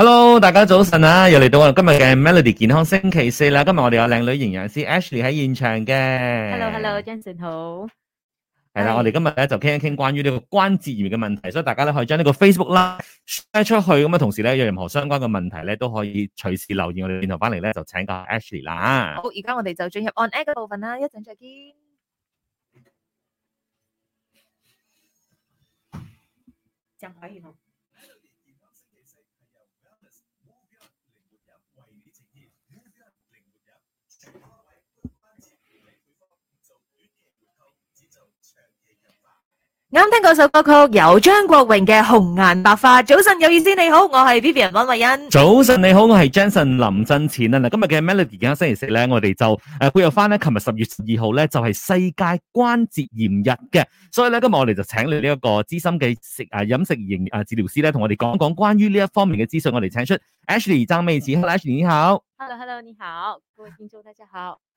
hello，大家早晨啊，又嚟到我哋今日嘅 Melody 健康星期四啦。今日我哋有靚女營養師 Ashley 喺現場嘅。hello，hello，Jason 好。係啦，Hi. 我哋今日咧就傾一傾關於呢個關節炎嘅問題，所以大家咧可以將呢個 Facebook 啦 share 出去，咁啊同時咧有任何相關嘅問題咧都可以隨時留言，我哋轉頭翻嚟咧就請教 Ashley 啦。好，而家我哋就進入 on air 嘅部分啦，一陣再見。張凱儀。啱聽嗰首歌曲，有張國榮嘅《紅顏白發》。早晨有意思，你好，我係 Vivian 温慧欣。早晨你好，我係 Jason 林振前啊！嗱，今日嘅 Melody 而家星期四咧，我哋就誒配合翻咧，琴日十月十二號咧就係世界關節炎日嘅，所以咧今日我哋就請嚟呢一個資深嘅食誒飲食營誒治療師咧，同我哋講講關於呢一方面嘅資訊。我哋請出 Ashley 張美慈，Ashley 你好，Hello Hello 你好，各位聽眾大家好。各位各位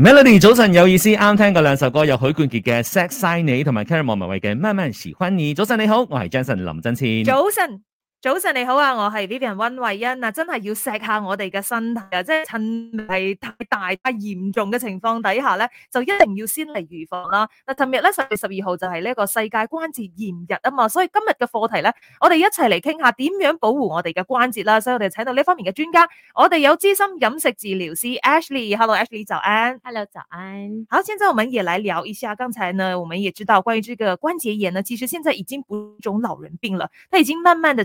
Melody，早晨，有意思，啱聽過兩首歌，有許冠傑嘅《Sexy Sinny》同埋 Karen 莫文蔚嘅《慢慢喜歡你》。早晨你好，我是 Jason 林振千。早晨。早晨你好啊，我係 Vivian 溫慧欣啊，真係要錫下我哋嘅身體啊，即係趁未太大，太嚴重嘅情況底下咧，就一定要先嚟預防啦。嗱，尋日咧十月十二號就係呢個世界關節炎日啊嘛，所以今日嘅課題咧，我哋一齊嚟傾下點樣保護我哋嘅關節啦。所以我哋請到呢方面嘅專家，我哋有資深飲食治療師 Ashley，Hello Ashley，早安，Hello 早安。好，而家我哋嚟聊一下。剛才呢，我們也知道關於這個關節炎呢，其實現在已經不種老人病了，它已經慢慢地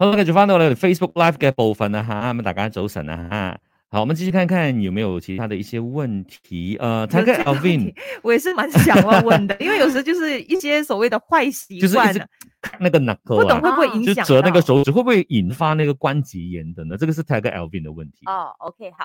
Hello 好啦，繼續翻到了 Facebook Live 嘅部分啊，吓，咁啊大家早晨啊，吓，好，我們繼續看看有沒有其他的一些問題，呃 Tiger Alvin， 我也是蠻想要問的， 因為有時就是一些所謂的壞習慣，就是，那個呢、啊，不懂會不會影響、哦，就折那個手指，會不會引發那個關節炎的呢？這個是 Tiger Alvin 的問題。哦，OK，好。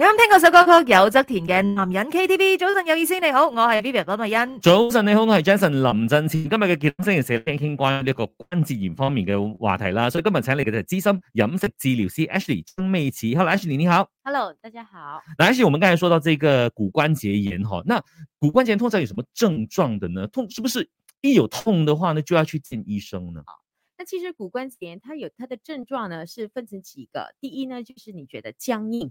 有冇聽過首歌曲？有側田嘅男人 K T V。早晨有意思，你好，我係 Vivian 郭美欣。早晨你好，我係 Jason 林振前。今日嘅健身期四，聽傾關於呢一個關節炎方面嘅話題啦。所以今日請你嘅就係資深飲食治療師 Ashley 鍾美慈。Hello，Ashley 你好。Hello，大家好。嗱，Ashley，我們剛才說到這個骨關節炎哈，那骨關節炎通常有什麼症狀的呢？痛，是不是一有痛的話呢就要去見醫生呢？好，那其實骨關節炎，它有它的症狀呢，是分成幾個。第一呢，就是你覺得僵硬。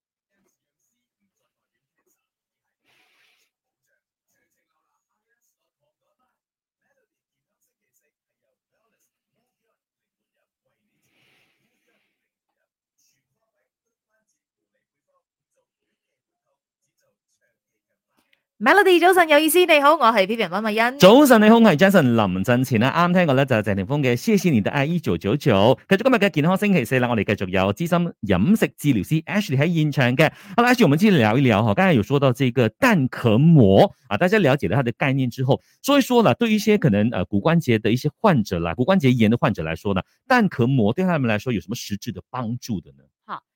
Melody，早晨有意思，你好，我係 P P M 麥欣。早晨，你好，我是 Jason、啊。臨陣前呢，啱聽過咧就係謝霆鋒嘅《謝謝你的愛》，一九九九。繼續今日嘅健康星期四啦，我哋繼續有資深飲食治療師 Ashley 喺現場嘅。好啦 Ashley，我們先聊一聊嗬。剛才有說到這個蛋殼膜啊，大家了解了它的概念之後，所以說啦，對於一些可能呃骨關節的一些患者啦，骨關節炎的患者來說呢，蛋殼膜對他們來說有什麼實質的幫助的呢？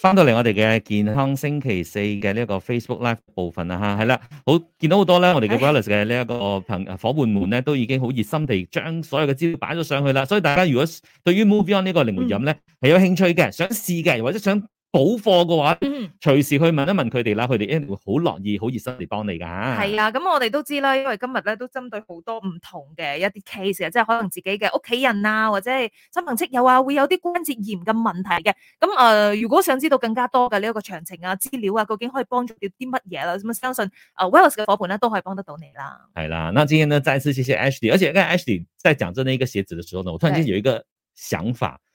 翻到嚟我哋嘅健康星期四嘅呢一個 Facebook Live 部分啊，吓，係啦，好，見到好多咧，我哋嘅 w u l b l e s 嘅呢一個朋夥伴們咧，都已經好熱心地將所有嘅資料擺咗上去啦。所以大家如果對於 Moving On 呢個靈活飲咧係有興趣嘅、嗯，想試嘅，或者想，補課嘅話，隨時去問一問佢哋啦，佢哋一定會好樂意、好熱心嚟幫你噶。係啊，咁我哋都知啦，因為今日咧都針對好多唔同嘅一啲 case 啊，即係可能自己嘅屋企人啊，或者係親朋戚友啊，會有啲關節炎嘅問題嘅。咁誒、呃，如果想知道更加多嘅呢一個詳情啊、資料啊，究竟可以幫助到啲乜嘢啦，咁相信誒 Wells 嘅夥伴咧都可以幫得到你啦。係啦、啊，那今天呢再次謝謝 Ashley，而且跟 Ashley 在講真呢一個寫字嘅時候呢，我突然間有一個想法。